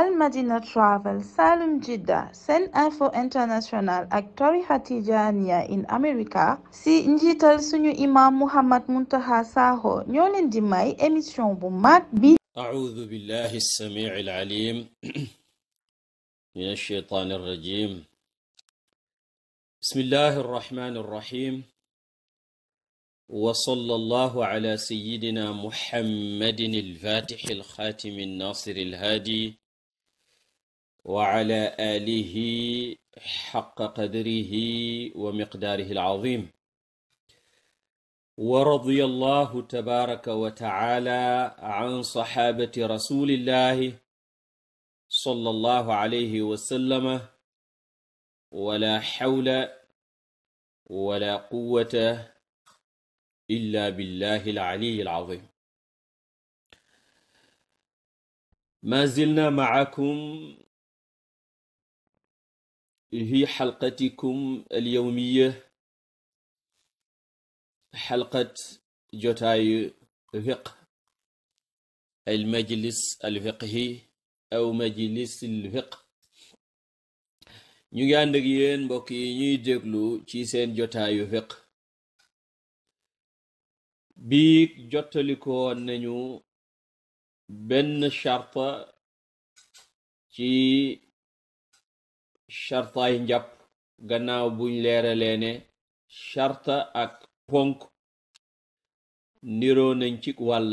al madina travel salum jidda sen info international ak tarixa tijaniya in america si njiital suñu imam muhammad muntaha sakho ñoo leen di may émission bu mag bi أعوذ بالله السميع العليم من الشيطان الرجيم بسم الله الرحمن الرحيم وصلى الله على سيدنا محمد الفاتح الخاتم الناصر الهادي وعلى آله حق قدره ومقداره العظيم ورضي الله تبارك وتعالى عن صحابة رسول الله صلى الله عليه وسلم ولا حول ولا قوة إلا بالله العلي العظيم ما زلنا معكم hi xalqatikum alyawmiya xalqat jotaayu fiq almajlis alfiqhi aw majlis alfiq ñu ngi ànd ak yéen mbokk yi ñuy déglu ci seen jotaayu fiq bii jottalikoon nañu benn sharta ci shartaay njàpp gannaaw buñ leeralee ne sharta ak ponk niroo nañ ci wàll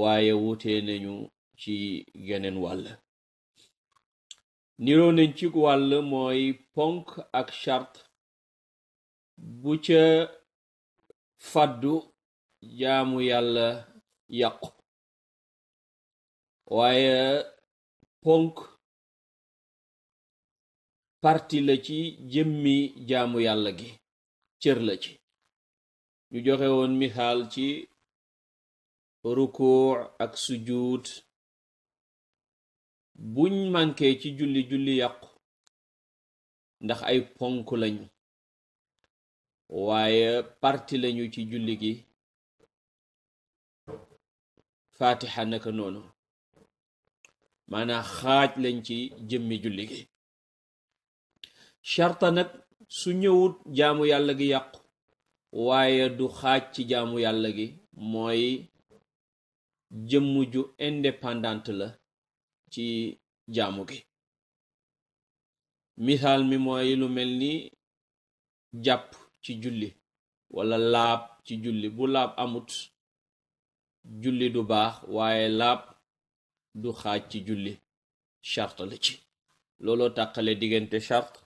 waaye wuute nañu ci geneen wàll niroo nañ ci wàll mooy ponk ak shart bu ca fàddu jaamu yàlla yàqu waaye ponk parti la ci jëmmi jaamu yàlla gi cër la ci ñu joxewoon misaal ci rukuuc ak sujuud buñ mànkee ci julli julli yàqu ndax ay ponk lañu waaye parti lañu ci julli gi faatixa naka noonu maanaa xaaj lañ ci jëmmi julli gi sharta nag su ñëwut jaamu yàlla gi yàqu waaye du xaaj ci jaamu yàlla gi mooy jëmm ju indépendante la ci jaamu gi misaal mi mooy lu mel ni jàpp ci julli wala laab ci julli bu laab amut julli du baax waaye laab du xaaj ci julli charte la ci looloo tàqale diggante charte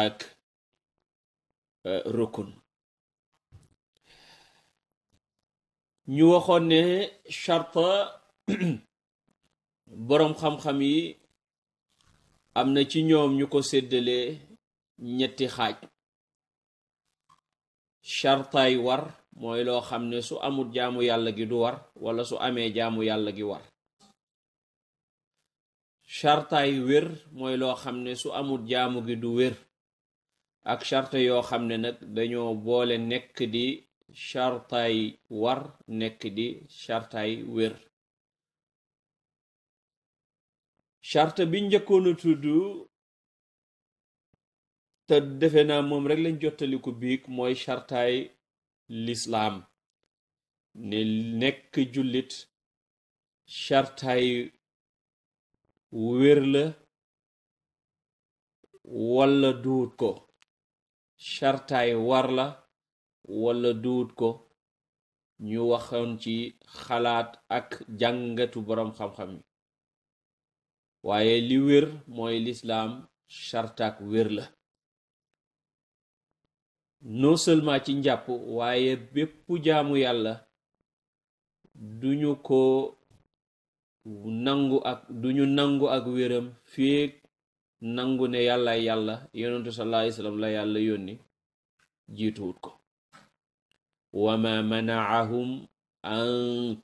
ak e, rukun ñu waxoon ne sharta boroom xam-xam yi am na ci ñoom ñu ko séddale ñetti xaaj shartaay war mooy loo xam ne su amul jaamu yàlla gi du war wala su amee jaamu yàlla gi war shartaay wér mooy loo xam ne su amul jaamu gi du wér ak charte yoo xam ne nag dañoo boole nekk di chartaay war nekk di chartaay wér charte bi njëkkoon a tudd te defe naa moom rekk lañ jottaliku biig mooy chartaay lislaam nekk jullit chartaay wér la walla duut ko shartaay war la wala duut ko ñu waxoon ci xalaat ak jàngatu boroom xamxam xam waaye li wér mooy lislaam shartaak wér la non seulement ci njàpp waaye bépp jaamu yàlla duñu ko nangu ak duñu nangu ak wéram féeg nangu ne yàllaay yàlla yonentu sallallahu alayhi wa la yàlla yónni jiituwut ko wa ma manaahum an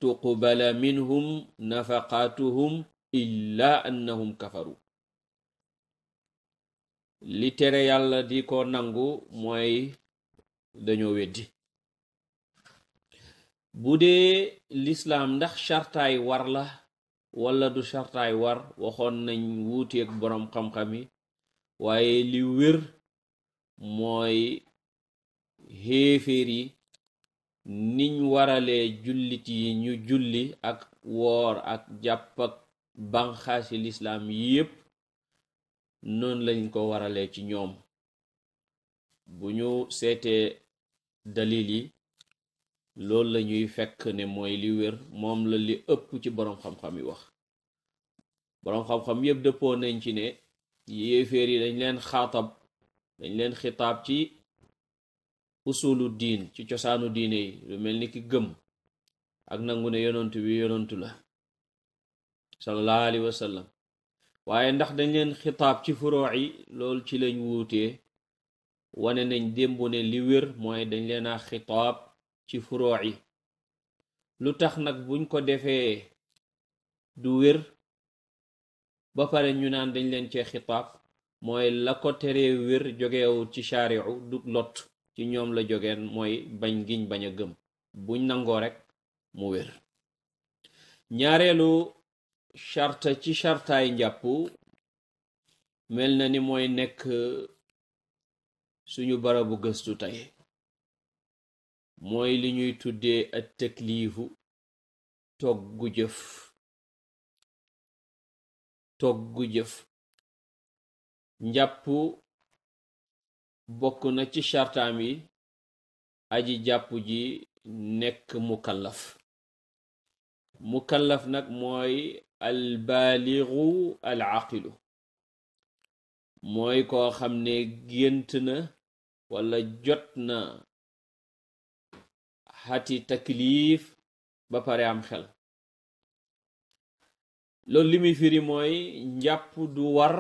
tuqbala minhum nafaqatuhum illa annahum kafaru li tere yàlla di ko nangu mooy dañoo weddi bu dee lislaam ndax shartaay war la wala du chartaay war waxoon nañ wuuteeg boroom xam-xam yi waaye li wér mooy xéeféer yi niñ warale jullit yi ñu julli ak woor ak jàpp ak banxaasi lislaam yépp noonu lañ ko warale ci ñoom bu ñu seetee dalil yi loolu la ñuy fekk ne mooy li wér moom la li ëpp ci boroom xam-xam yi wax boroom xam-xam yépp dëppoo nañ ci ne yéeféer yi dañ leen xaatab dañ leen xitaab ci usulu diin ci cosaanu diine yi lu mel ni ki gëm ak nangu ne yonantu bi yonantu la sallallahu alayhi waaye ndax dañ leen xitaab ci furoo yi loolu ci lañ wuutee wane nañ démb ne li wér mooy dañ leen a xitaab ci furoo yi lu tax nag buñ ko defee du wér ba pare ñu naan dañ leen cee xitaab mooy la ko teree wér jógewu ci shaariu du lot ci ñoom la jógeen mooy bañ giñ bañ a gëm buñ nangoo rekk mu wér ñaareelu sharta ci shartaay njàpp mel na ni mooy nekk suñu barabu gëstu tey mooy li ñuy tuddee ak takliifu toggu jëf toggu bokk na ci chartam yi aji jàpp ji nekk mukallaf mukallaf nag mooy albaaligu al aqilu mooy koo xam ne gént na wala jot na xati taklif ba pare am xel loolu li firi mooy njàpp du war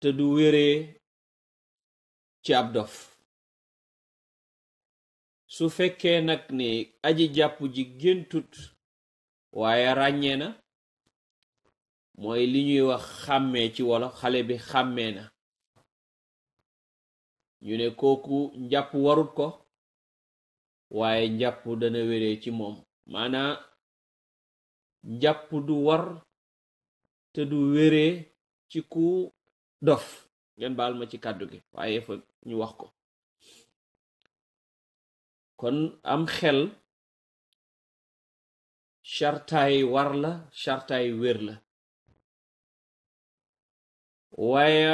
te du wéree ci ab dof su fekkee nag ni aji jàpp ji géntut waaye ràññee na mooy li ñuy wax xàmmee ci wolo xale bi xàmmee na ñu ne kooku njàpp warut ko waaye njàpp dana wéree ci moom maanaa njàpp du war te du wéree ci ku dof ngeen baal ma ci kàddu gi waaye fa ñu wax ko kon am xel chartaay war la chartaay wér la waaye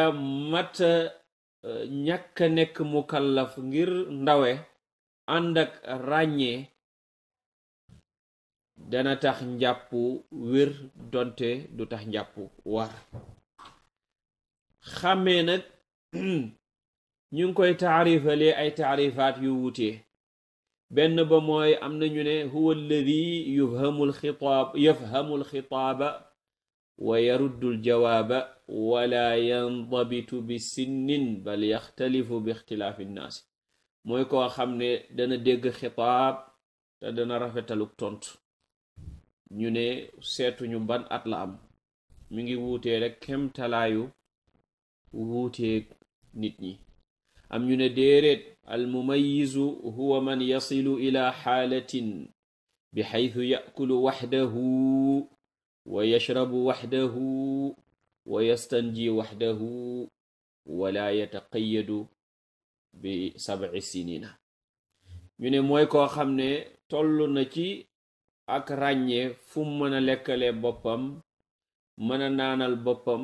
mata eh, ñàkk a nekk mukallaf ngir ndawe ànd ak ràññee dana tax njàpp wér donte du tax njàpp war xàmmee nag ñu ngi koy taarifalee ay taarifaat yu wuute benn ba mooy am na ñu ne huwa alladi yufhamu alxitaab yafhamu alxitaaba wa yaruddu aljawaaba wala yandabitu bi sinnin bal yaxtalifu bi ixtilaafi nnaasi mooy koo xam ne dana dégg xitaab te dana rafetaluk tontu ñu ne seetuñu ban at la am mi ngi wuutee rek kemtalaayu wuuteeg nit ñi am ñu ne déeréet al mumayizu huwa man yasilu ila xaalatin bi xaytu yakulu waxdahu wa yashrabu waxdahu wa waxdahu wala yataqayadu bi sabai sinina ñu ne mooy koo xam ne toll na ci ak ràññee fum mu mën a lekkale boppam mën a naanal boppam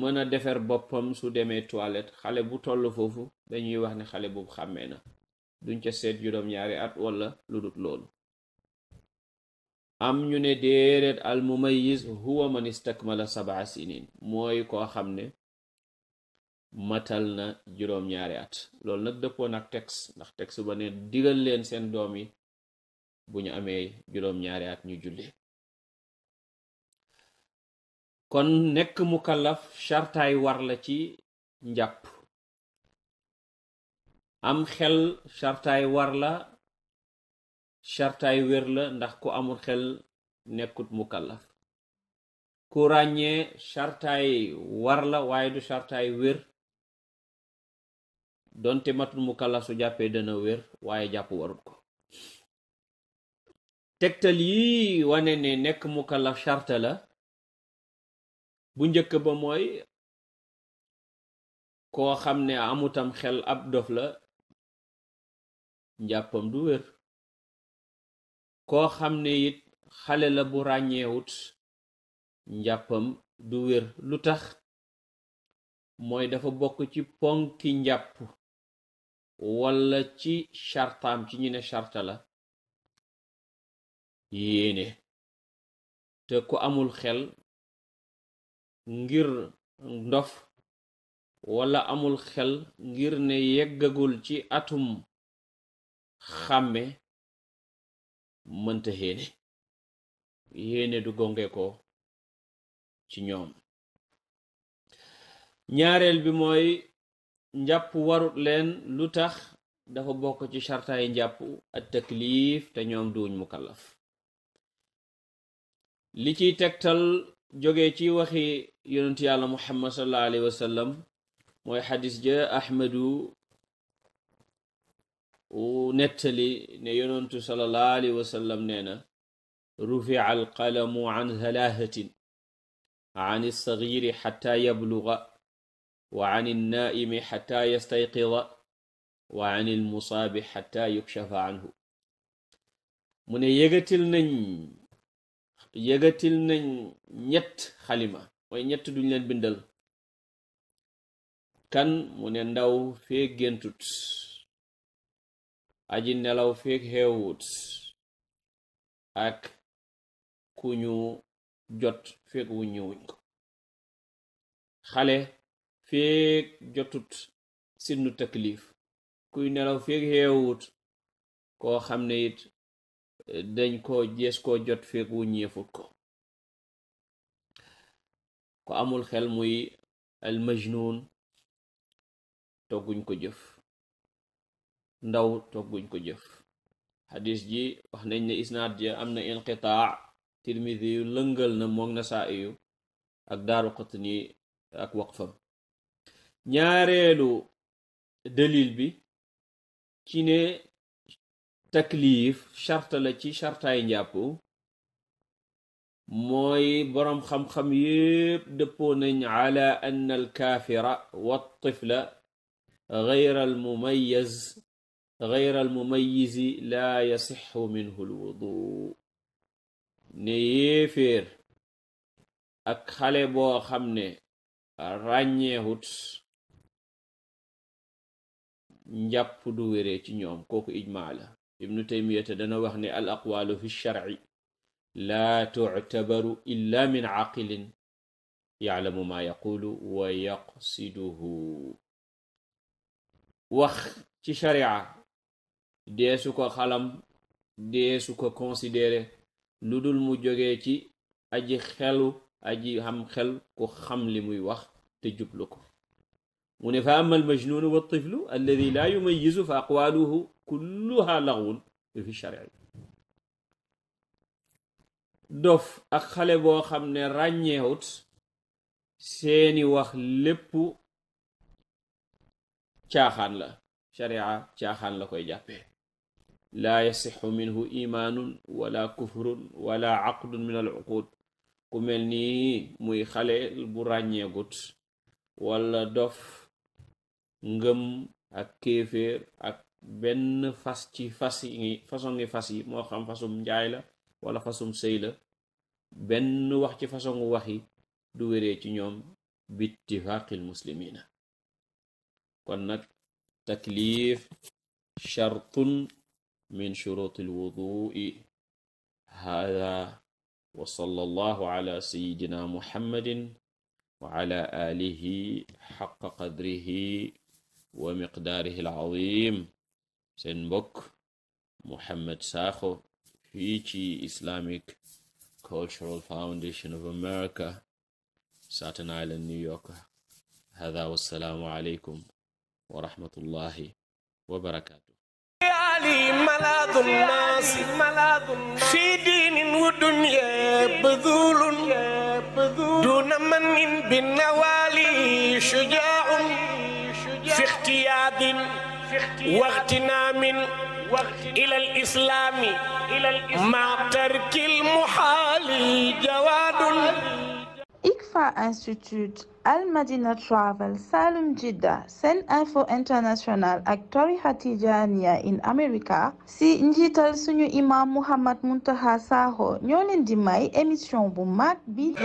mën a defar boppam su demee toilette xale bu toll foofu dañuy wax ne xale boobu xàmmee na duñ ca seet juróom-ñaari at wala lu dut loolu am ñu ne déeréet al mumayyiz huwa man istakmala sabaa sinin mooy koo xam matal na juróom-ñaari at loolu nag dëppoon ak texte ndax texte ba ne digal leen seen doom yi bu ñu amee juróom-ñaari at ñu julli kon nekk mukallaf chartaay war ci njàpp am xel chartaay war la chartaay wér la ndax ku amul xel nekkut mukallaf ku ràññee chartaay war la waaye du chartaay wér donte matul mu kàlla su jàppee dana wér waaye jàpp warut ko tegtal yi wane ne nekk mu kàllaf charte la bu njëkk ba mooy koo xam ne amutam xel ab dof la njàppam du wér koo xam ne it xale la bu ràññeewut njàppam du wér lu tax mooy dafa bokk ci ponki njàpp walla ci chartaam ci ñu ne charta la yéene te ku amul xel ngir ndof walla amul xel ngir ne yeggagul ci atum xàmme mënta yéene yéene du gonge ko ci ñoom ñaareel bi mooy njàpp warut leen lu tax dafa bokk ci shartaay njàpp at taklif te ñoom duuñ mukallaf li ci tegtal jóge ci waxi yonent yàlla muhammad sallallahu alayhi wasallam mooy xadis ja nettali ne yonentu sallallahu alayhi wasallam nee na an thalathatin an as-saghiri yabluga wa an ilnaaimi xata yastayqida wa an ilmusaabi xata yukshafa anhu mu ne yëgatil nañ ñett xalima mooy ñett duñ bindal kan mu ne ndaw feeg géntut aji nelaw feeg xeewut ak ku jot feeg wuñ ñëwuñ xale feeg jotut sinnu taklif kuy nelaw feeg xeewut koo xam ne eh, dañ ko jees koo jot feeg wu ñeefut ko ko amul xel muy al majnun togguñ ko jëf ndaw togguñ ko jëf xadis ji wax nañ ne isnaad ja am na inqitaa tirmidi yu lëngal na moog nasaayu ak daaru qutni ak waqfam ñaareelu dalil bi ci ne taklif charte la ci chartaay njàpp mooy boroom xam-xam yépp dëppoo nañ ala ann alkaafira waltifla gayra almumayaz gayra almumayizi laa yasixu minhu alwudu ne yéeféer ak xale boo xam ne ràññeewut njàpp du wéree ci ñoom kooku ijmaa la ibnu taymiyata dana wax ne al aqwaalu fi sharci laa tuctabaru illa min caqilin yaclamu maa yaquulu wa wax ci sharia deesu ko xalam deesu ko considéré lu dul mu jógee ci aji xelu aji xam xel ku xam li muy wax te jublu ko mu ne fa ama almajnunu waltiflu alladi laa fa aqwaluhu kulluha laxwun fi shari dof ak xale boo xam ne ràññeewut seeni wax lépp caaxaan la sharia caaxaan la koy jàppee laa yasixu minhu imaanun wala kufrun wala aqdun min al uqud ku mel nii muy xale bu ràññeegut wala dof ngëm ak kéeféer ak benn fas ci fas yi façon moo xam fasum njaay la wala fasum sëy benn wax ci façon wax du wéree ci ñoom bittifaqil muslimina kon nag taklif shartun min shurutil wudu'i hada wa sallallahu ala sayyidina muhammadin wa ala alihi wa miqdaarihi al-azim seen mbokk Mouhamed Sakho fii ci Islamic Cultural Foundation of America Staten Island New York hada wassalaamu aleykum wa rahmatullahi wa barakaatu علي ملاذ الناس في دين ودنيا بذول دون من بالنوالي شجاع اغتياض واغتنام إلى الإسلام Madina Travel Salum Jidda Sen Info International ak tarixa Tijaaniya in America si njiital suñu imam Mouhamed Muntaha Sakho ñoo di may émission bu mag bi